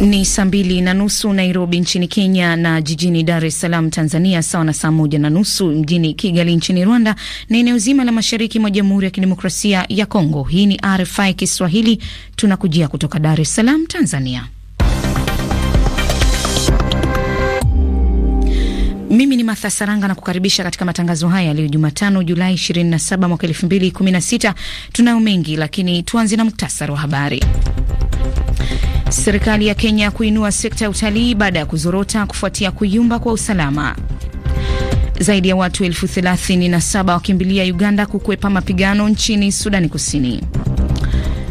Ni saa mbili na nusu Nairobi nchini Kenya na jijini Dar es Salaam Tanzania, sawa na saa moja na nusu mjini Kigali nchini Rwanda na eneo zima la mashariki mwa Jamhuri ya Kidemokrasia ya Kongo. Hii ni RFI Kiswahili, tunakujia kutoka Dar es Salaam Tanzania. Mimi ni Martha Saranga na kukaribisha katika matangazo haya leo Jumatano, Julai 27 mwaka 2016. Tunayo mengi, lakini tuanze na muktasari wa habari. Serikali ya Kenya kuinua sekta ya utalii baada ya kuzorota kufuatia kuyumba kwa usalama. Zaidi ya watu elfu thelathini na saba wakimbilia Uganda kukwepa mapigano nchini Sudani Kusini.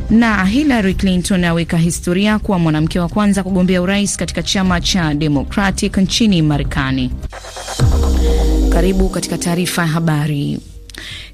Na Hillary Clinton aweka historia kuwa mwanamke wa kwanza kugombea urais katika chama cha Democratic nchini Marekani. Karibu katika taarifa ya habari.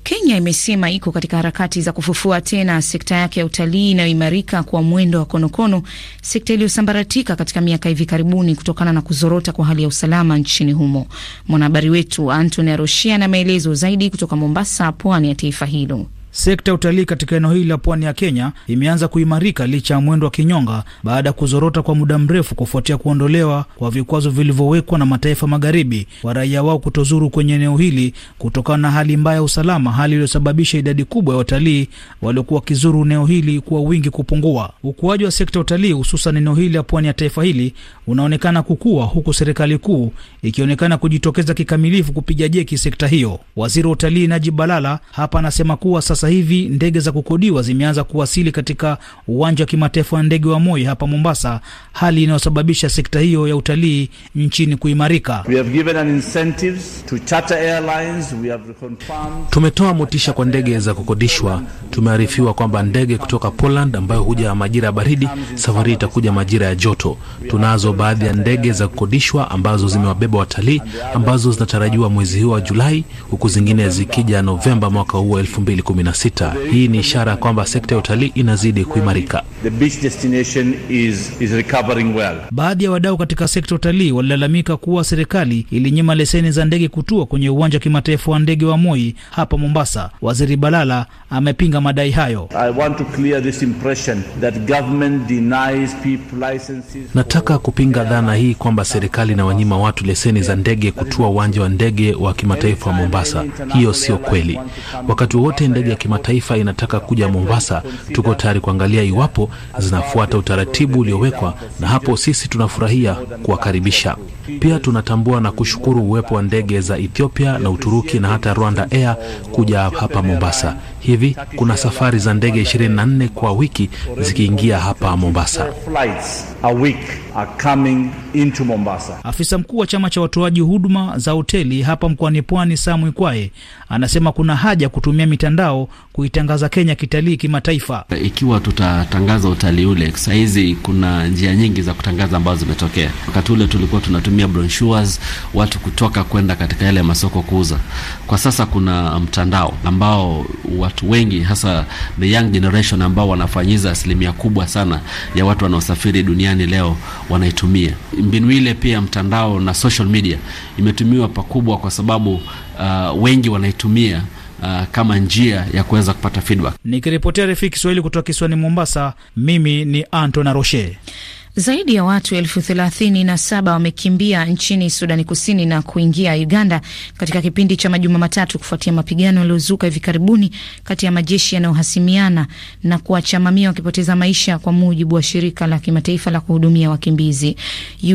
Kenya imesema iko katika harakati za kufufua tena sekta yake ya utalii inayoimarika kwa mwendo wa konokono, sekta iliyosambaratika katika miaka hivi karibuni kutokana na kuzorota kwa hali ya usalama nchini humo. Mwanahabari wetu Antony Aroshia na maelezo zaidi kutoka Mombasa, pwani ya taifa hilo. Sekta ya utalii katika eneo hili la pwani ya Kenya imeanza kuimarika licha ya mwendo wa kinyonga baada ya kuzorota kwa muda mrefu kufuatia kuondolewa kwa vikwazo vilivyowekwa na mataifa magharibi kwa raia wao kutozuru kwenye eneo hili kutokana na hali mbaya ya usalama, hali iliyosababisha idadi kubwa ya watalii waliokuwa wakizuru eneo hili kuwa wingi kupungua. Ukuaji wa sekta ya utalii hususan eneo hili la pwani ya taifa hili unaonekana kukua, huku serikali kuu ikionekana kujitokeza kikamilifu kupiga jeki sekta hiyo. Waziri wa utalii Najib Balala hapa anasema kuwa sasa sasa hivi ndege za kukodiwa zimeanza kuwasili katika uwanja wa kimataifa wa ndege wa Moi hapa Mombasa, hali inayosababisha sekta hiyo ya utalii nchini kuimarika. Tumetoa motisha kwa ndege za kukodishwa. Tumearifiwa kwamba ndege kutoka Poland ambayo huja majira ya baridi, safari itakuja majira ya joto. Tunazo baadhi ya ndege za kukodishwa ambazo zimewabeba watalii ambazo zinatarajiwa mwezi huu wa Julai, huku zingine zikija Novemba mwaka huu wa elfu mbili kumi na 16. Hii ni ishara kwamba sekta ya utalii inazidi kuimarika. Well. Baadhi ya wadau katika sekta ya utalii walilalamika kuwa serikali ilinyima leseni za ndege kutua kwenye uwanja wa kimataifa wa ndege wa Moi hapa Mombasa. Waziri Balala amepinga madai hayo. Nataka kupinga dhana hii kwamba serikali inawanyima watu leseni za ndege kutua uwanja wa ndege wa kimataifa wa Mombasa. Hiyo sio kweli. Wakati wowote ndege ya kimataifa inataka kuja Mombasa, tuko tayari kuangalia iwapo zinafuata utaratibu uliowekwa, na hapo sisi tunafurahia kuwakaribisha. Pia tunatambua na kushukuru uwepo wa ndege za Ethiopia na Uturuki na hata Rwanda Air kuja hapa Mombasa. Hivi kuna safari za ndege 24 kwa wiki zikiingia hapa Mombasa. Afisa mkuu wa chama cha watoaji huduma za hoteli hapa mkoani Pwani, Samwi Kwae, anasema kuna haja kutumia mitandao kuitangaza Kenya kitalii kimataifa. Ikiwa tutatangaza utalii ule, sahizi kuna njia nyingi za kutangaza ambazo zimetokea. Wakati ule tulikuwa tunatumia brochures, watu kutoka kwenda katika yale masoko kuuza. Kwa sasa kuna mtandao ambao watu wengi, hasa the young generation, ambao wanafanyiza asilimia kubwa sana ya watu wanaosafiri duniani leo wanaitumia mbinu ile. Pia mtandao na social media imetumiwa pakubwa, kwa sababu uh, wengi wanaitumia uh, kama njia ya kuweza kupata feedback. Nikiripotia RFI Kiswahili kutoka kisiwani Mombasa, mimi ni Anton Aroshe. Zaidi ya watu elfu thelathini na saba wamekimbia nchini Sudani Kusini na kuingia Uganda katika kipindi cha majuma matatu kufuatia mapigano yaliyozuka hivi karibuni kati ya majeshi yanayohasimiana na kuacha mamia wakipoteza maisha, kwa mujibu wa shirika la kimataifa la kuhudumia wakimbizi.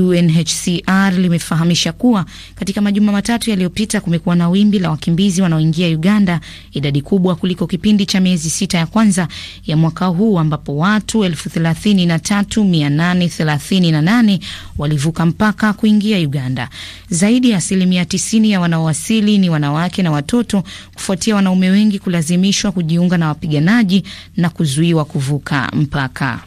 UNHCR limefahamisha kuwa katika majuma matatu yaliyopita kumekuwa na wimbi la wakimbizi wanaoingia Uganda, idadi kubwa kuliko kipindi cha miezi sita ya kwanza ya mwaka huu ambapo watu elfu thelathini na tatu mia nane milioni 38 walivuka mpaka kuingia Uganda. Zaidi ya asilimia 90 ya wanaowasili ni wanawake na watoto, kufuatia wanaume wengi kulazimishwa kujiunga na wapiganaji na kuzuiwa kuvuka mpaka.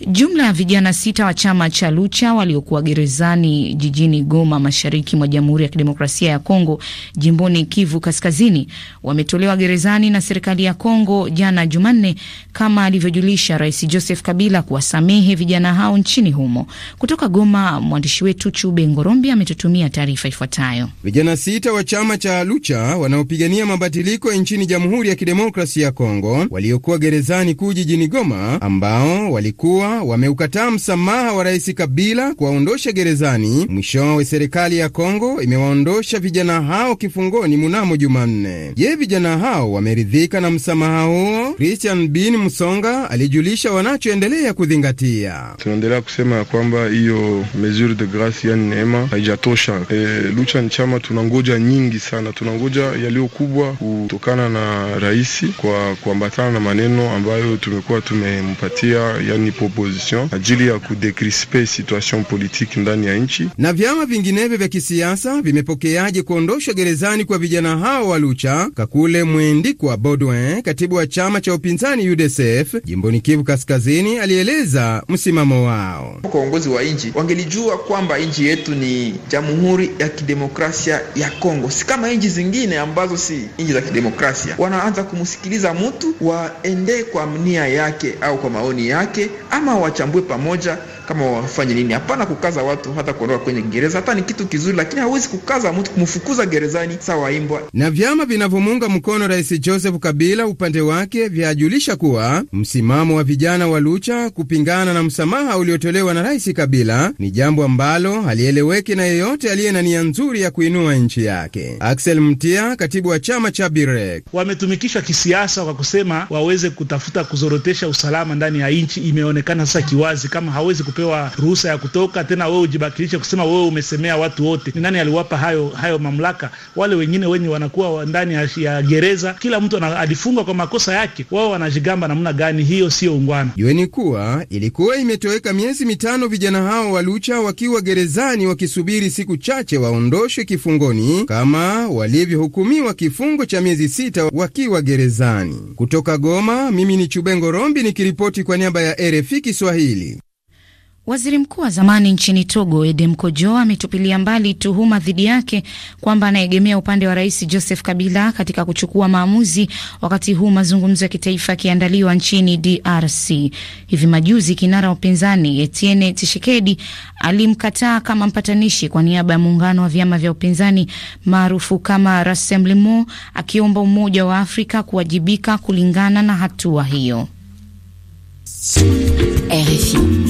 Jumla ya vijana sita wa chama cha Lucha waliokuwa gerezani jijini Goma, mashariki mwa Jamhuri ya Kidemokrasia ya Kongo, jimboni Kivu Kaskazini, wametolewa gerezani na serikali ya Kongo jana Jumanne, kama alivyojulisha Rais Joseph Kabila kuwasamehe vijana hao nchini humo. Kutoka Goma, mwandishi wetu Chube Ngorombi ametutumia taarifa ifuatayo. Vijana sita wa chama cha Lucha wanaopigania mabadiliko nchini Jamhuri ya Kidemokrasia ya Kongo waliokuwa gerezani kuu jijini Goma, ambao walikuwa Kongo wameukataa msamaha wa Rais Kabila kuwaondosha gerezani. Mwishowe serikali ya Kongo imewaondosha vijana hao kifungoni munamo Jumanne. Je, vijana hao wameridhika na msamaha huo? Christian Bin Msonga alijulisha wanachoendelea kuzingatia. Tunaendelea kusema ya kwamba hiyo mesure de grace, yani neema, haijatosha. E, lucha ni chama, tunangoja nyingi sana, tunangoja yaliyokubwa kutokana na raisi kwa kuambatana na maneno ambayo tumekuwa tumempatia yani opposition ajili ya kudekrispe situation politique ndani ya nchi. Na vyama vinginevyo vya kisiasa vimepokeaje kuondoshwa gerezani kwa vijana hao wa Lucha? Kakule Mwendikwa Baudouin, katibu wa chama cha upinzani UDSF jimboni Kivu Kaskazini, alieleza msimamo wao. uongozi wa nchi wangelijua kwamba nchi yetu ni Jamhuri ya Kidemokrasia ya Kongo, si kama nchi zingine ambazo si nchi za kidemokrasia. Wanaanza kumsikiliza mtu waende kwa mnia yake au kwa maoni yake ama ama wachambue pamoja kama wafanye nini. Hapana kukaza watu hata kuondoka kwenye gereza, hata ni kitu kizuri, lakini hawezi kukaza mtu kumfukuza gerezani sawa imbwa. Na vyama vinavyomuunga mkono Rais Joseph Kabila upande wake vyajulisha kuwa msimamo wa vijana wa Lucha kupingana na msamaha uliotolewa na Rais Kabila ni jambo ambalo halieleweki na yeyote aliye na nia nzuri ya kuinua nchi yake. Axel Mtia, katibu wa chama cha Birek: wametumikishwa kisiasa kwa kusema waweze kutafuta kuzorotesha usalama ndani ya nchi. Imeonekana sasa kiwazi kama hawezi kupewa ruhusa ya kutoka tena, wewe ujibakilishe kusema wewe umesemea watu wote. Ni nani aliwapa hayo hayo mamlaka? Wale wengine wenye wanakuwa ndani ya gereza, kila mtu alifungwa kwa makosa yake, wao wanajigamba namna gani? Hiyo sio ungwana. Jueni kuwa ilikuwa imetoweka miezi mitano vijana hao wa Lucha wakiwa gerezani wakisubiri siku chache waondoshwe kifungoni kama walivyohukumiwa kifungo cha miezi sita wakiwa gerezani. Kutoka Goma, mimi ni Chubengo Rombi nikiripoti kwa niaba ya RFI Kiswahili. Waziri mkuu wa zamani nchini Togo Edem Kojo ametupilia mbali tuhuma dhidi yake kwamba anaegemea upande wa rais Joseph Kabila katika kuchukua maamuzi, wakati huu mazungumzo ya kitaifa yakiandaliwa nchini DRC. Hivi majuzi kinara wa upinzani Etienne Tshisekedi alimkataa kama mpatanishi kwa niaba ya muungano wa vyama vya upinzani maarufu kama Rassemblement, akiomba Umoja wa Afrika kuwajibika kulingana na hatua hiyo. RFI.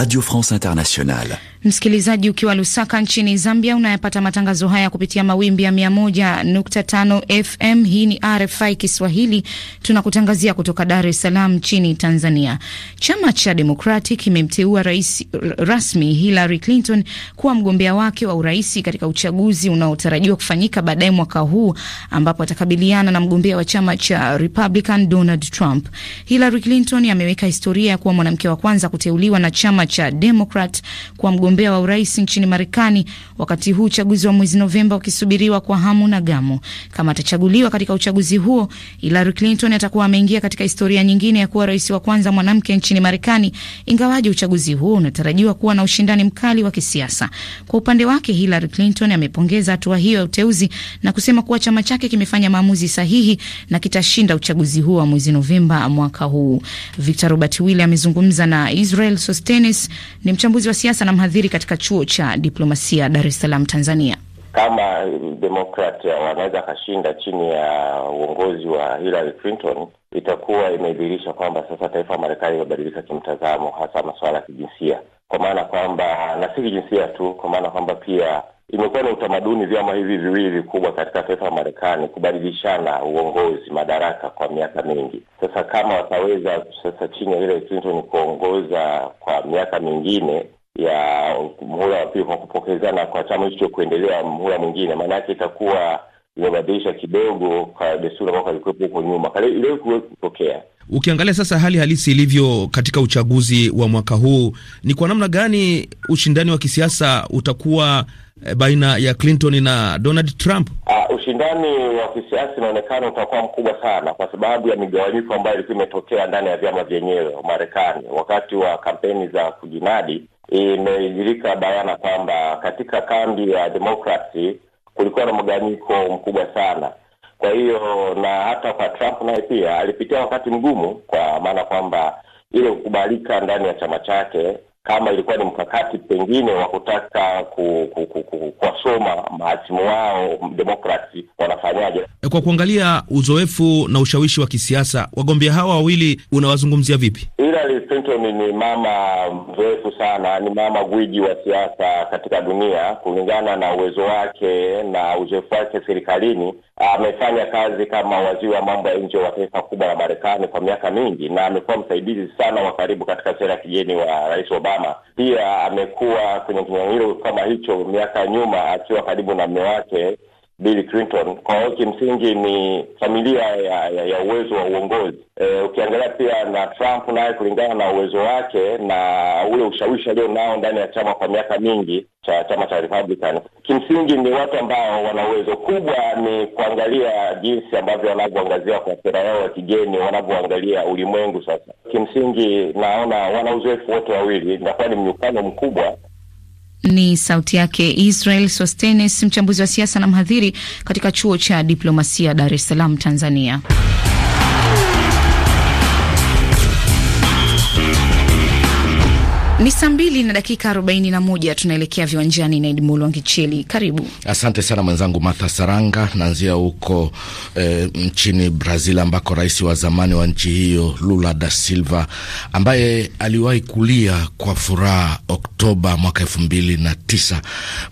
Radio France Internationale. Msikilizaji ukiwa Lusaka nchini Zambia, unayapata matangazo haya kupitia mawimbi ya 100.5 FM. Hii ni RFI Kiswahili, tunakutangazia kutoka Dar es Salaam nchini Tanzania. Chama cha Demokratic kimemteua rais rasmi Hillary Clinton kuwa mgombea wake wa urais katika uchaguzi unaotarajiwa kufanyika baadaye mwaka huu, ambapo atakabiliana na mgombea wa chama cha Republican Donald Trump. Hillary Clinton ameweka historia ya kuwa mwanamke wa kwanza kuteuliwa na chama cha Democrat kwa mgombea wa urais nchini Marekani, wakati huu uchaguzi wa mwezi Novemba ukisubiriwa kwa hamu na gamu. Kama atachaguliwa katika uchaguzi huo, Hillary Clinton atakuwa ameingia katika historia nyingine ya kuwa rais wa kwanza mwanamke nchini Marekani, ingawaje uchaguzi huo unatarajiwa kuwa na ushindani mkali wa kisiasa. Kwa upande wake, Hillary Clinton amepongeza hatua hiyo ya uteuzi na kusema kuwa chama chake kimefanya maamuzi sahihi na kitashinda uchaguzi huo wa mwezi Novemba mwaka huu. Victor Robert Wille amezungumza na Israel Sostenes Morris ni mchambuzi wa siasa na mhadhiri katika chuo cha diplomasia Dar es Salaam, Tanzania. Kama Demokrat eh, wanaweza akashinda chini ya uongozi wa Hillary Clinton, itakuwa imedhihirisha kwamba sasa taifa la Marekani imebadilika kimtazamo, hasa masuala ya kijinsia, kwa maana kwamba na si kijinsia tu, kwa maana kwamba pia Imekuwa ni utamaduni vyama hivi viwili vikubwa katika taifa la Marekani kubadilishana uongozi madaraka kwa miaka mingi sasa. Kama wataweza sasa chini ya Hillary Clinton kuongoza kwa miaka mingine ya mhula wa pili kwa kupokezana kwa chama hicho kuendelea mhula mwingine, maanake itakuwa imebadilisha kidogo kwa desturi ambao kalikuwepo huko nyuma, iliwahi kutokea Ukiangalia sasa hali halisi ilivyo katika uchaguzi wa mwaka huu, ni kwa namna gani ushindani wa kisiasa utakuwa eh, baina ya Clinton na Donald Trump? Uh, ushindani wa kisiasa inaonekana utakuwa mkubwa sana kwa sababu ya migawanyiko ambayo ilikuwa imetokea ndani ya vyama vyenyewe Marekani. Wakati wa kampeni za kujinadi, imejirika bayana kwamba katika kambi ya Demokrasi kulikuwa na mgawanyiko mkubwa sana kwa hiyo na hata kwa Trump naye pia alipitia wakati mgumu, kwa maana kwamba ile kukubalika ndani ya chama chake kama ilikuwa ni mkakati pengine wa kutaka kuwasoma mahasimu wao demokrasi wanafanyaje. Eh, kwa kuangalia uzoefu na ushawishi wa kisiasa, wagombea hawa wawili unawazungumzia vipi? Hillary Clinton ni mama mzoefu sana, ni mama gwiji wa siasa katika dunia. Kulingana na uwezo wake na uzoefu wake serikalini, amefanya kazi kama waziri wa mambo ya nje wa taifa kubwa la Marekani kwa miaka mingi, na amekuwa msaidizi sana wa karibu katika sera ya kigeni wa Rais Obama usalama. Pia amekuwa kwenye kinyang'anyiro kama hicho miaka ya nyuma, akiwa karibu na mme wake Bill Clinton. Kwa hiyo kimsingi ni familia ya, ya, ya uwezo wa uongozi. E, ukiangalia pia na Trump naye kulingana na uwezo wake na ule ushawishi alio nao ndani ya chama kwa miaka mingi cha chama cha Republican, kimsingi ni watu ambao wana uwezo kubwa, ni kuangalia jinsi ambavyo wanavyoangazia kwa sera yao ya kigeni, wanavyoangalia ulimwengu. Sasa kimsingi naona wana uzoefu wote wawili, inakuwa ni mnyukano mkubwa ni sauti yake Israel Sostenes, mchambuzi wa siasa na mhadhiri katika chuo cha diplomasia Dar es Salaam, Tanzania. Ni saa mbili na dakika arobaini na moja. Tunaelekea viwanjani na Edmul Wangicheli, karibu. Asante sana mwenzangu Martha Saranga. Naanzia huko e, nchini Brazil ambako rais wa zamani wa nchi hiyo Lula da Silva ambaye aliwahi kulia kwa furaha Oktoba mwaka elfu mbili na tisa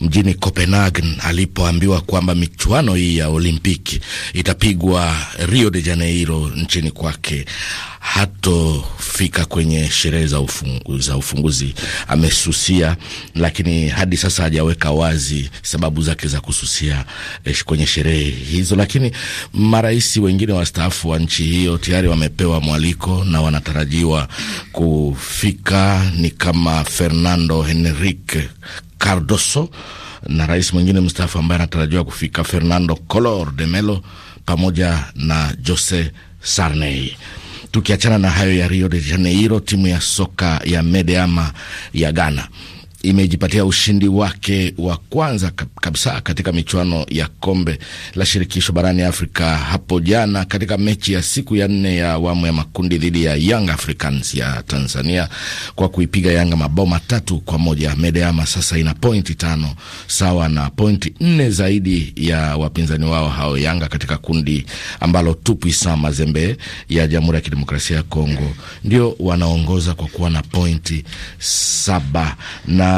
mjini Copenhagen alipoambiwa kwamba michuano hii ya Olimpiki itapigwa Rio de Janeiro nchini kwake hatofika kwenye sherehe za ufunguzi uchaguzi amesusia, lakini hadi sasa hajaweka wazi sababu zake za kususia eh, kwenye sherehe hizo. Lakini marais wengine wastaafu wa nchi hiyo tayari wamepewa mwaliko na wanatarajiwa kufika, ni kama Fernando Henrique Cardoso na rais mwingine mstaafu ambaye anatarajiwa kufika Fernando Collor de Mello pamoja na Jose Sarney. Tukiachana na hayo ya Rio de Janeiro, timu ya soka ya Medeama ya Ghana imejipatia ushindi wake wa kwanza kabisa katika michuano ya kombe la shirikisho barani Afrika hapo jana katika mechi ya siku ya nne ya awamu ya makundi dhidi ya Young Africans ya Tanzania kwa kuipiga Yanga mabao matatu kwa moja. Medeama sasa ina pointi tano sawa na pointi nne zaidi ya wapinzani wao hao Yanga katika kundi ambalo Tupuisa Mazembe ya Jamhuri ya Kidemokrasia ya Kongo ndio wanaongoza kwa kuwa na pointi saba na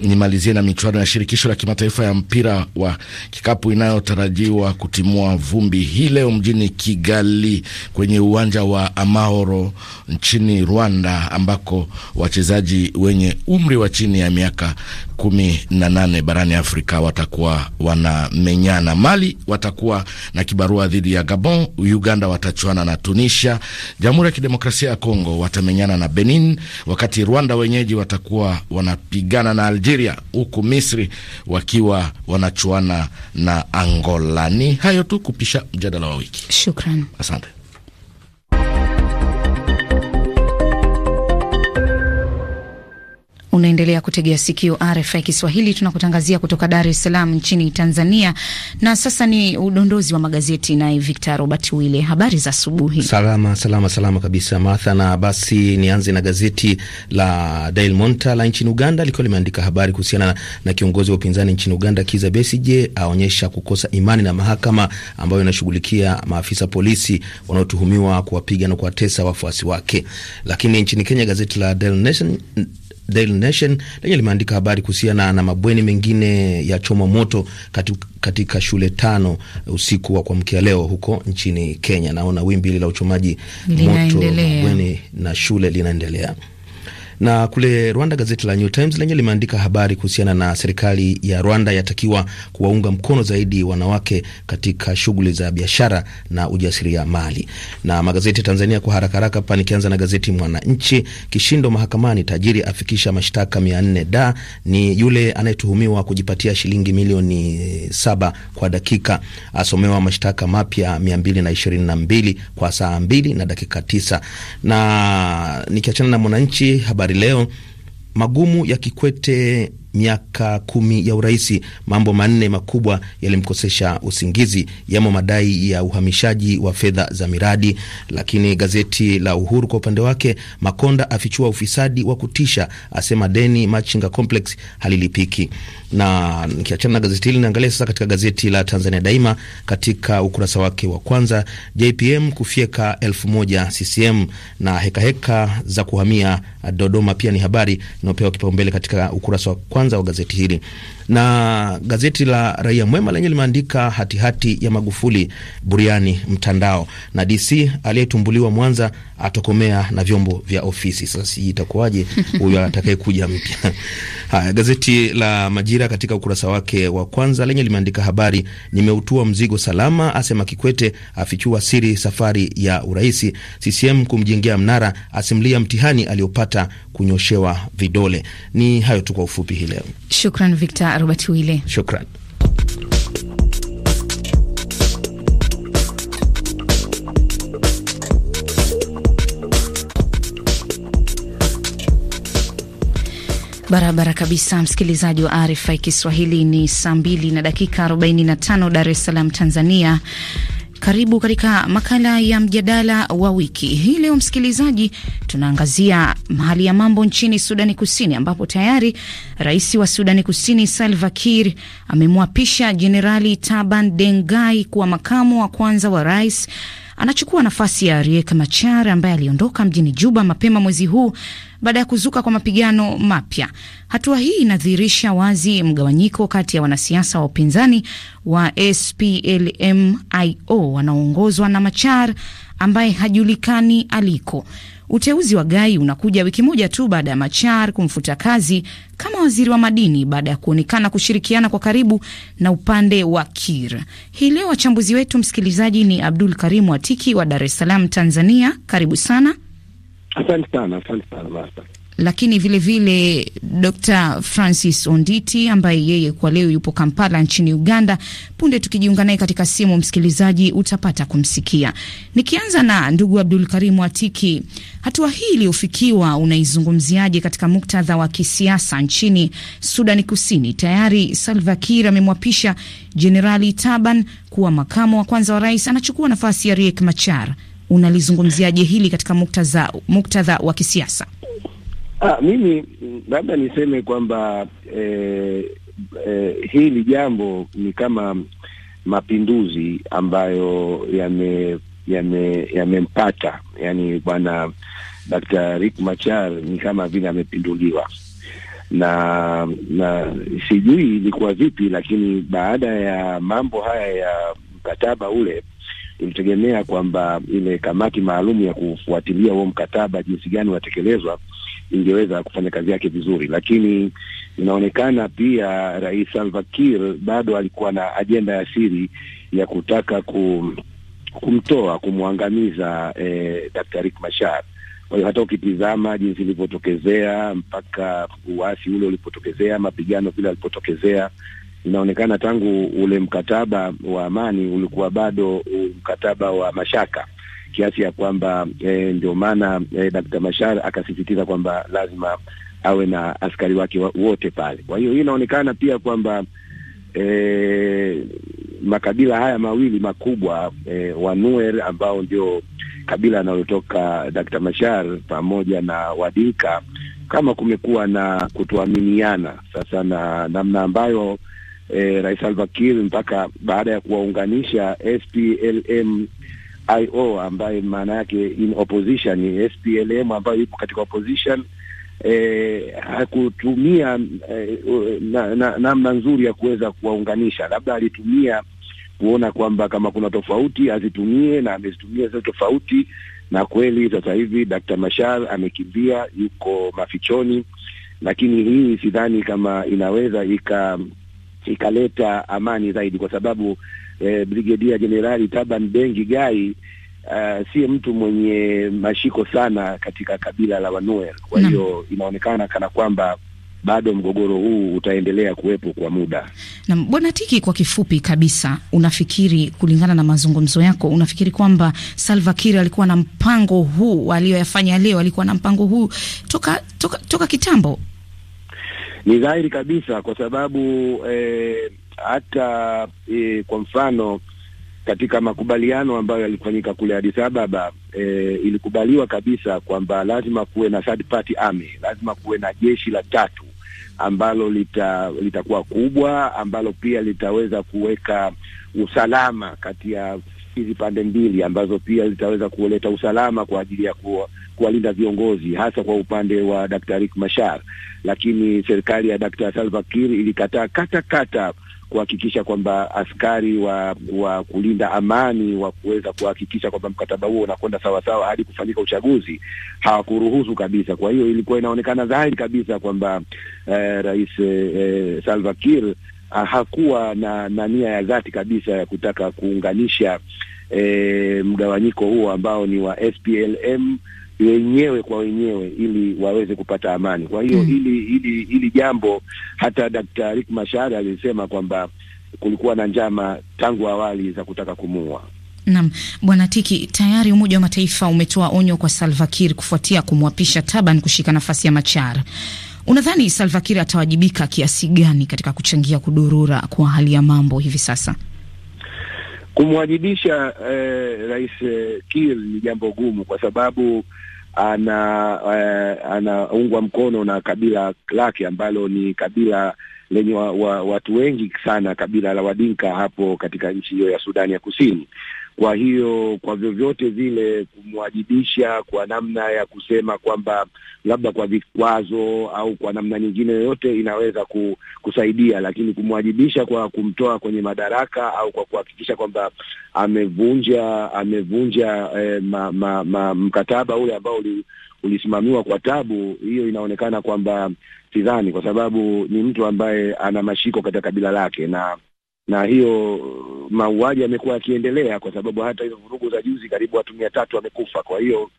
nimalizie na michuano ya shirikisho la kimataifa ya mpira wa kikapu inayotarajiwa kutimua vumbi hii leo mjini Kigali kwenye uwanja wa Amahoro nchini Rwanda, ambako wachezaji wenye umri wa chini ya miaka kumi na nane barani Afrika watakuwa wanamenyana. Mali watakuwa na kibarua dhidi ya Gabon, Uganda watachuana na Tunisia, Jamhuri ya Kidemokrasia ya Kongo watamenyana na Benin, wakati Rwanda wenyeji watakuwa wanapigana na Algeria, huku Misri wakiwa wanachuana na Angola. Ni hayo tu kupisha mjadala wa wiki. Shukran, asante. Unaendelea kutegea sikio RFI Kiswahili, tunakutangazia kutoka Dar es Salaam nchini Tanzania. Na sasa ni udondozi wa magazeti, naye Victor Robert Wile. Habari za asubuhi. Salama salama salama kabisa Martha, na basi nianze na gazeti la Daily Monitor la nchini Uganda likiwa limeandika habari kuhusiana na kiongozi wa upinzani nchini Uganda Kizza Besigye aonyesha kukosa imani na mahakama ambayo inashughulikia maafisa polisi wanaotuhumiwa kuwapiga na kuwatesa wafuasi wake. Lakini nchini Kenya gazeti la Daily Nation Daily Nation lenye limeandika habari kuhusiana na mabweni mengine ya choma moto katika, shule tano usiku wa kuamkia leo huko nchini Kenya. Naona wimbi hili la uchomaji moto mabweni na shule linaendelea. Na kule Rwanda, gazeti la New Times lenye limeandika habari kuhusiana na serikali ya Rwanda yatakiwa kuwaunga mkono zaidi wanawake katika shughuli za biashara na ujasiriamali. Na magazeti ya Tanzania kwa haraka haraka hapa, nikianza na gazeti Mwananchi: kishindo mahakamani, tajiri afikisha mashtaka 400 da ni yule anayetuhumiwa kujipatia shilingi milioni saba kwa dakika, asomewa mashtaka mapya 222 kwa saa mbili na dakika tisa. Na nikiachana na Mwananchi habari Habari Leo, magumu ya Kikwete miaka kumi ya uraisi, mambo manne makubwa yalimkosesha usingizi, yamo madai ya uhamishaji wa fedha za miradi. Lakini gazeti la Uhuru kwa upande wake, Makonda afichua ufisadi wa kutisha, asema deni Machinga Complex halilipiki. Na nikiachana na gazeti hili, naangalia sasa katika gazeti la Tanzania Daima katika ukurasa wake wa kwanza, JPM kufyeka elfu moja CCM na hekaheka heka za kuhamia Dodoma pia ni habari inayopewa kipaumbele katika ukurasa wa kwanza wa gazeti hili na gazeti la Raia Mwema lenye limeandika hatihati ya Magufuli buriani mtandao, na DC aliyetumbuliwa Mwanza atokomea na vyombo vya ofisi. Sasa sijui itakuwaje huyo atakayekuja mpya. Haya, gazeti la Majira katika ukurasa wake wa kwanza lenye limeandika habari, nimeutua mzigo salama, asema Kikwete afichua siri safari ya uraisi, CCM kumjengea mnara, asimlia mtihani aliyopata kunyoshewa vidole. Ni hayo tu kwa ufupi hii leo. Shukran Victor sana Robert Wile, shukran. Barabara kabisa, msikilizaji wa RFI Kiswahili. Ni saa 2 na dakika 45 Dar es Salaam, Tanzania, karibu katika makala ya mjadala wa wiki hii. Leo msikilizaji, tunaangazia hali ya mambo nchini Sudani Kusini, ambapo tayari rais wa Sudani Kusini Salva Kiir amemwapisha Jenerali Taban Dengai kuwa makamu wa kwanza wa rais Anachukua nafasi ya Riek Machar ambaye aliondoka mjini Juba mapema mwezi huu baada ya kuzuka kwa mapigano mapya. Hatua hii inadhihirisha wazi mgawanyiko kati ya wanasiasa wa upinzani wa SPLM-IO wanaoongozwa na Machar ambaye hajulikani aliko. Uteuzi wa Gai unakuja wiki moja tu baada ya Machar kumfuta kazi kama waziri wa madini baada ya kuonekana kushirikiana kwa karibu na upande wa Kir. Hii leo wachambuzi wetu, msikilizaji, ni Abdul Karimu Atiki wa Dar es Salaam, Tanzania. Karibu sana. Asante sana, asante sana Martha lakini vile vile Dr Francis Onditi ambaye yeye kwa leo yupo Kampala nchini Uganda. Punde tukijiunga naye katika simu, msikilizaji, utapata kumsikia. Nikianza na ndugu Abdul Karimu Atiki, hatua hii iliyofikiwa unaizungumziaje katika muktadha wa kisiasa nchini Sudani Kusini? Tayari Salva Kiir amemwapisha Jenerali Taban kuwa makamu wa kwanza wa rais, anachukua nafasi ya Riek Machar. Unalizungumziaje hili katika muktadha, muktadha wa kisiasa? Ah, mimi labda niseme kwamba eh, eh, hili jambo ni kama mapinduzi ambayo yame yamempata yani, bwana Dkt. Rick Machar ni kama vile amepinduliwa, na na sijui ilikuwa vipi, lakini baada ya mambo haya ya mkataba ule tulitegemea kwamba ile kamati maalum ya kufuatilia huo mkataba jinsi gani watekelezwa ingeweza kufanya kazi yake vizuri, lakini inaonekana pia Rais Salva Kiir bado alikuwa na ajenda ya siri ya kutaka ku, kumtoa kumwangamiza eh, Dkt. Riek Machar. Kwa hiyo hata ukitizama jinsi ilivyotokezea mpaka uasi ule ulipotokezea, mapigano vile alipotokezea inaonekana tangu ule mkataba wa amani ulikuwa bado mkataba wa mashaka, kiasi ya kwamba e, ndio maana e, eh, Dkt. Mashar akasisitiza kwamba lazima awe na askari wake wote pale. Kwa hiyo hii inaonekana pia kwamba e, makabila haya mawili makubwa e, Wanuer ambao ndio kabila analotoka Dkt. Mashar pamoja na Wadinka, kama kumekuwa na kutoaminiana sasa na namna ambayo e, Rais Salva Kiir mpaka baada ya kuwaunganisha SPLM IO ambaye maana yake in opposition ni SPLM ambayo yupo katika opposition eh, hakutumia eh, namna na, na nzuri ya kuweza kuwaunganisha. Labda alitumia kuona kwamba kama kuna tofauti azitumie, na amezitumia zile tofauti, na kweli sasa hivi Dr. Mashar amekimbia, yuko mafichoni, lakini hii sidhani kama inaweza ika ikaleta amani zaidi kwa sababu eh, Brigedia Jenerali Taban Bengi Gai uh, eh, si mtu mwenye mashiko sana katika kabila la Wanuer. Kwa hiyo inaonekana kana kwamba bado mgogoro huu utaendelea kuwepo kwa muda. Na Bwana Tiki, kwa kifupi kabisa, unafikiri kulingana na mazungumzo yako, unafikiri kwamba Salva Kiir alikuwa na mpango huu aliyoyafanya leo, alikuwa na mpango huu toka toka, toka kitambo? Ni dhahiri kabisa kwa sababu eh, hata e, kwa mfano katika makubaliano ambayo yalifanyika kule Addis Ababa e, ilikubaliwa kabisa kwamba lazima kuwe na third party army, lazima kuwe na jeshi la tatu ambalo lita litakuwa kubwa, ambalo pia litaweza kuweka usalama kati ya hizi pande mbili, ambazo pia litaweza kuleta usalama kwa ajili ya kuwa kuwalinda viongozi hasa kwa upande wa Dkt. Riek Machar, lakini serikali ya Daktari Salva Kiir ilikataa kata kata kuhakikisha kwamba askari wa, wa kulinda amani wa kuweza kuhakikisha kwamba mkataba huo unakwenda sawasawa hadi kufanyika uchaguzi hawakuruhusu kabisa. Kwa hiyo ilikuwa inaonekana dhahiri kabisa kwamba eh, Rais eh, Salva Kiir ah, hakuwa na, na nia ya dhati kabisa ya kutaka kuunganisha eh, mgawanyiko huo ambao ni wa SPLM wenyewe kwa wenyewe ili waweze kupata amani. Kwa hiyo hili hmm. hili hili jambo, hata dakta rik Machar alisema kwamba kulikuwa na njama tangu awali za kutaka kumuua. Naam, Bwana Tiki, tayari Umoja wa Mataifa umetoa onyo kwa Salva Kiir kufuatia kumwapisha Taban kushika nafasi ya Machar. Unadhani Salva Kiir atawajibika kiasi gani katika kuchangia kudurura kwa hali ya mambo hivi sasa? Kumwajibisha eh, Rais eh, Kiir ni jambo gumu kwa sababu ana eh, anaungwa mkono na kabila lake ambalo ni kabila lenye wa, wa, watu wengi sana, kabila la Wadinka hapo katika nchi hiyo ya Sudani ya Kusini. Kwa hiyo kwa vyovyote vile kumwajibisha kwa namna ya kusema kwamba labda kwa vikwazo au kwa namna nyingine yoyote inaweza ku, kusaidia, lakini kumwajibisha kwa kumtoa kwenye madaraka au kwa kuhakikisha kwamba amevunja amevunja eh, ma, ma, ma, mkataba ule ambao uli, ulisimamiwa kwa tabu, hiyo inaonekana kwamba sidhani, kwa sababu ni mtu ambaye ana mashiko katika kabila lake na na hiyo uh, mauaji yamekuwa yakiendelea, kwa sababu hata hizo vurugu za juzi karibu watu mia tatu wamekufa. Kwa hiyo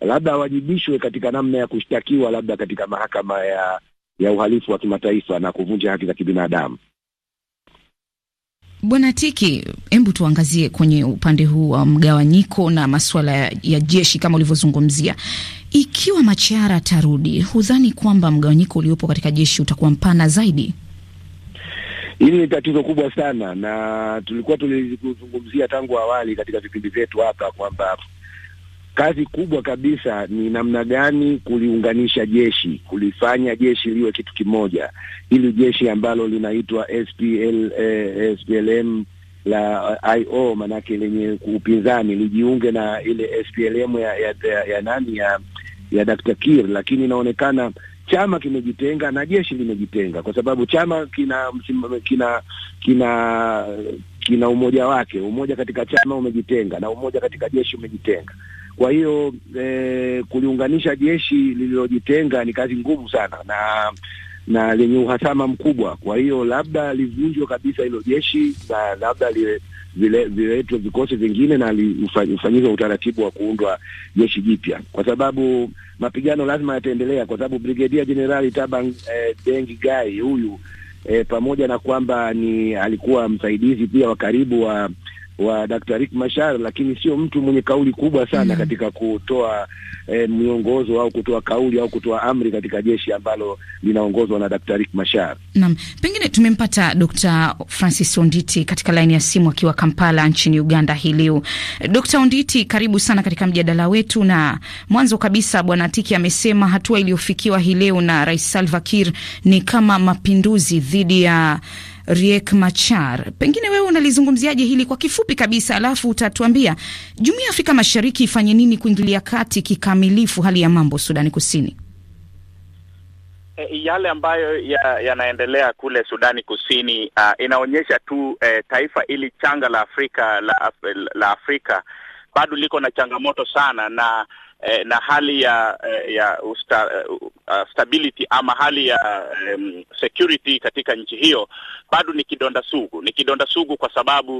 labda awajibishwe katika namna ya kushtakiwa labda katika mahakama ya ya uhalifu wa kimataifa na kuvunja haki za kibinadamu. Bwana Tiki, hebu tuangazie kwenye upande huu wa mgawanyiko na masuala ya, ya jeshi kama ulivyozungumzia. Ikiwa Machara atarudi, hudhani kwamba mgawanyiko uliopo katika jeshi utakuwa mpana zaidi? Hili ni tatizo kubwa sana, na tulikuwa tulizungumzia tangu awali katika vipindi vyetu hapa kwamba kazi kubwa kabisa ni namna gani kuliunganisha jeshi, kulifanya jeshi liwe kitu kimoja, hili jeshi ambalo linaitwa SPL, eh, SPLM la IO manake lenye upinzani lijiunge na ile SPLM ya, ya, ya, ya nani ya ya Dr. Kir, lakini inaonekana chama kimejitenga na jeshi limejitenga, kwa sababu chama kina kina kina kina umoja wake. Umoja katika chama umejitenga na umoja katika jeshi umejitenga. Kwa hiyo e, kuliunganisha jeshi lililojitenga ni kazi ngumu sana na na lenye uhasama mkubwa. Kwa hiyo labda livunjwe kabisa hilo jeshi na labda liwe viletwe vikosi vingine na ufanyike utaratibu wa kuundwa jeshi jipya, kwa sababu mapigano lazima yataendelea, kwa sababu Brigedia Jenerali Taban eh, Dengi Gai huyu eh, pamoja na kwamba ni alikuwa msaidizi pia wa karibu wa wa Dr. mashar lakini sio mtu mwenye kauli kubwa sana mm -hmm. katika kutoa e, miongozo au kutoa kauli au kutoa amri katika jeshi ambalo linaongozwa na Daktari Mashar. Naam, pengine tumempata Dr. Francis Onditi katika laini ya simu akiwa Kampala nchini Uganda hii leo. Dr. Onditi, karibu sana katika mjadala wetu, na mwanzo kabisa Bwana Tiki amesema hatua iliyofikiwa hii leo na Rais Salva Kiir ni kama mapinduzi dhidi ya Riek Machar. Pengine wewe unalizungumziaje hili kwa kifupi kabisa, alafu utatuambia Jumuiya ya Afrika Mashariki ifanye nini kuingilia kati kikamilifu hali ya mambo Sudani Kusini? Eh, yale ambayo yanaendelea ya kule Sudani Kusini uh, inaonyesha tu uh, taifa hili changa la Afrika la, la Afrika bado liko na changamoto sana na eh, na hali ya eh, ya usta, eh, uh, stability ama hali ya um, security katika nchi hiyo bado ni kidonda sugu. Ni kidonda sugu kwa sababu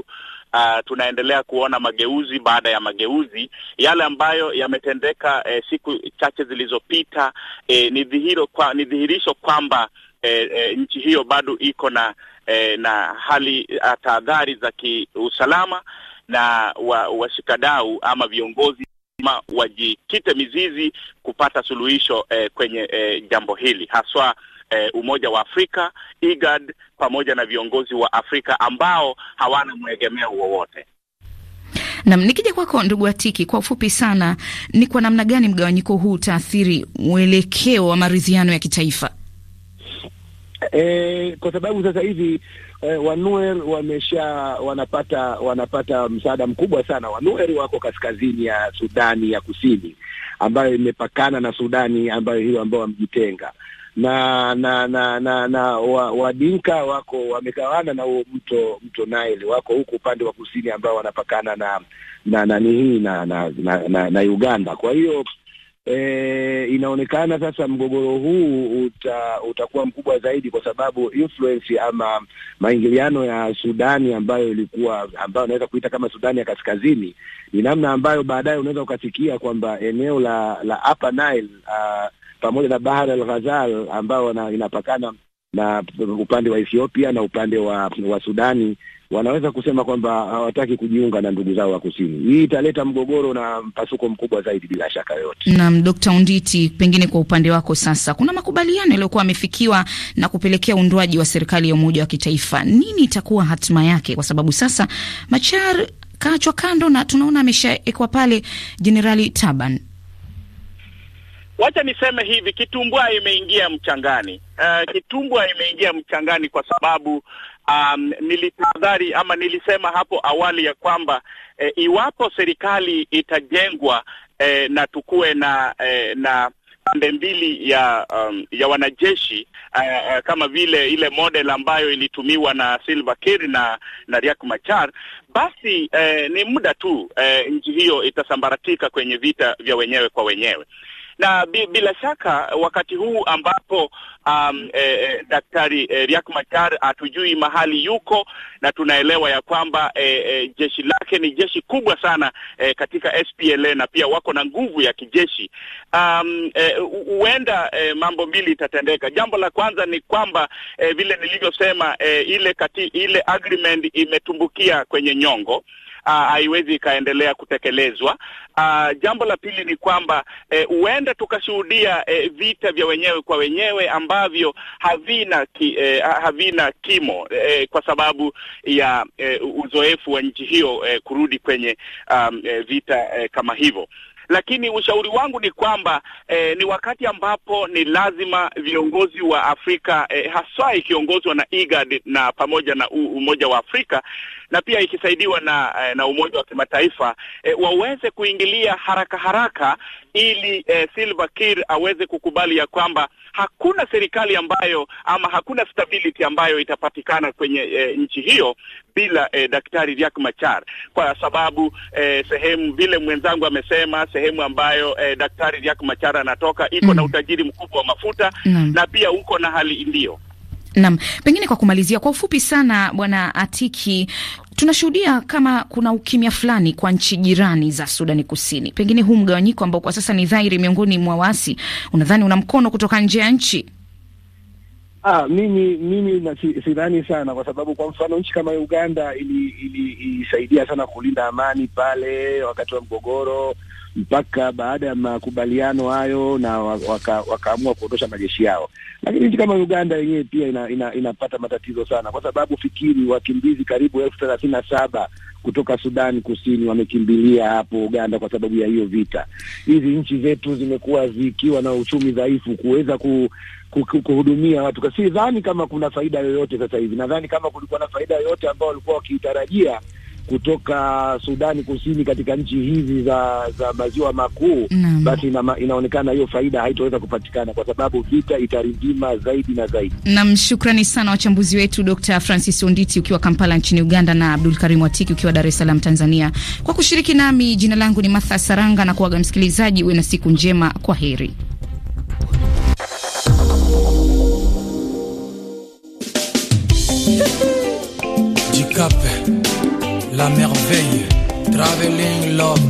uh, tunaendelea kuona mageuzi baada ya mageuzi. Yale ambayo yametendeka eh, siku chache zilizopita eh, ni dhihiro kwa, ni dhihirisho kwamba eh, eh, nchi hiyo bado iko na eh, na hali ya eh, tahadhari za kiusalama na washikadau wa ama viongozi lazima wajikite mizizi kupata suluhisho eh, kwenye eh, jambo hili haswa eh, Umoja wa Afrika, IGAD pamoja na viongozi wa Afrika ambao hawana mwegemeo wowote. Nam, nikija kwako ndugu Atiki, kwa ufupi sana, ni kwa namna gani mgawanyiko huu utaathiri mwelekeo wa maridhiano ya kitaifa? E, kwa sababu sasa hivi eh, Wanuer wamesha wanapata wanapata msaada mkubwa sana. Wanuer wako kaskazini ya Sudani ya Kusini ambayo imepakana na Sudani ambayo hiyo ambao wamejitenga na na na na, na Wadinka wa wako wamegawana na huo mto mto Nile, wako huku upande wa kusini ambao wanapakana na na hii na, na, na, na, na Uganda. Kwa hiyo e, inaonekana sasa mgogoro huu uta, utakuwa mkubwa zaidi kwa sababu influence ama maingiliano ya Sudani ambayo ilikuwa ambayo unaweza kuita kama Sudani ya kaskazini ni namna ambayo baadaye unaweza ukasikia kwamba eneo la la Upper Nile uh, pamoja na Bahar al Ghazal ambayo inapakana na upande wa Ethiopia na upande wa, wa Sudani wanaweza kusema kwamba hawataki kujiunga na ndugu zao wa kusini. Hii italeta mgogoro na mpasuko mkubwa zaidi bila shaka yoyote. Naam, Dkt. Unditi, pengine kwa upande wako sasa, kuna makubaliano yaliyokuwa yamefikiwa na kupelekea uundwaji wa serikali ya umoja wa kitaifa. Nini itakuwa hatima yake? Kwa sababu sasa Machar kaachwa kando na tunaona ameshawekwa pale Jenerali Taban. Wacha niseme hivi, kitumbua imeingia mchangani. Uh, kitumbua imeingia mchangani kwa sababu Um, nilitahadhari ama nilisema hapo awali ya kwamba e, iwapo serikali itajengwa e, na tukuwe na e, na pande mbili ya um, ya wanajeshi uh, uh, kama vile ile model ambayo ilitumiwa na silva kir na, na riak Machar, basi uh, ni muda tu uh, nchi hiyo itasambaratika kwenye vita vya wenyewe kwa wenyewe na bila shaka wakati huu ambapo um, e, Daktari e, Riak Machar hatujui mahali yuko, na tunaelewa ya kwamba e, e, jeshi lake ni jeshi kubwa sana e, katika SPLA na pia wako na nguvu ya kijeshi um, huenda, e, eh, e, mambo mbili itatendeka. Jambo la kwanza ni kwamba e, vile nilivyosema, e, ile kati, ile agreement imetumbukia kwenye nyongo Ah, haiwezi ikaendelea kutekelezwa. Uh, jambo la pili ni kwamba eh, huenda eh, tukashuhudia eh, vita vya wenyewe kwa wenyewe ambavyo havina ki, eh, havina kimo eh, kwa sababu ya eh, uzoefu wa nchi hiyo eh, kurudi kwenye um, eh, vita eh, kama hivyo lakini ushauri wangu ni kwamba eh, ni wakati ambapo ni lazima viongozi wa Afrika eh, haswa ikiongozwa na IGAD na pamoja na Umoja wa Afrika na pia ikisaidiwa na eh, na Umoja wa Kimataifa eh, waweze kuingilia haraka haraka ili eh, Silva Kiir aweze kukubali ya kwamba hakuna serikali ambayo ama hakuna stability ambayo itapatikana kwenye eh, nchi hiyo bila eh, Daktari Riek Machar, kwa sababu eh, sehemu vile mwenzangu amesema, sehemu ambayo eh, Daktari Riek Machar anatoka iko mm. na utajiri mkubwa wa mafuta mm. na pia uko na hali ndio Naam, pengine kwa kumalizia kwa ufupi sana, Bwana Atiki, tunashuhudia kama kuna ukimya fulani kwa nchi jirani za Sudani Kusini. Pengine huu mgawanyiko ambao kwa sasa ni dhahiri miongoni mwa waasi, unadhani una mkono kutoka nje ya nchi? Ah, mimi mimi sidhani sana, kwa sababu kwa mfano nchi kama Uganda ilisaidia ili, ili sana kulinda amani pale wakati wa mgogoro mpaka baada ya makubaliano hayo na waka, wakaamua kuondosha majeshi yao. Lakini nchi kama Uganda yenyewe pia ina, ina, inapata matatizo sana, kwa sababu fikiri wakimbizi karibu elfu thelathini na saba kutoka Sudani Kusini wamekimbilia hapo Uganda kwa sababu ya hiyo vita. Hizi nchi zetu zimekuwa zikiwa na uchumi dhaifu kuweza ku kuhudumia watu. Sidhani kama kuna faida yoyote sasa hivi. Nadhani kama kulikuwa na faida yoyote ambao walikuwa wakiitarajia kutoka Sudani Kusini katika nchi hizi za za maziwa makuu, basi ina, inaonekana hiyo faida haitoweza kupatikana kwa sababu vita itarindima zaidi na zaidi. Nam, shukrani sana wachambuzi wetu Dr. Francis Onditi ukiwa Kampala nchini Uganda na Abdul Karim Watiki ukiwa Dar es Salaam Tanzania kwa kushiriki nami. Jina langu ni Martha Saranga na kuaga msikilizaji, uwe na siku njema, kwa heri. Jikape. la merveille traveling love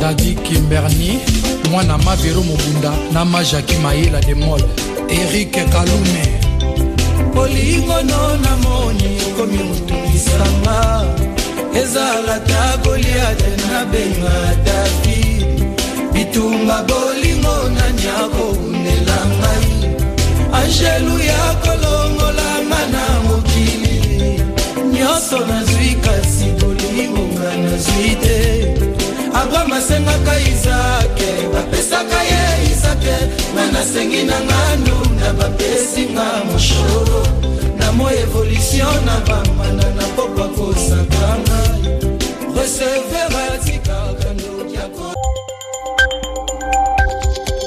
dadi kimberni n'ama mabiro mobunda na majaki la de mol erik kalume bolingono namoni Et motulisanga ezalata de na benga david bitumba bolingo nani l'a ngai angelu ya la mana mokili Nyoso nazwi kasi azwi te abraham asengaka izake bapesaka ye izake nga nasengi na nganu na bapesinga moshoro na mo evolution na bamana na pokwa kosaka ngai recevera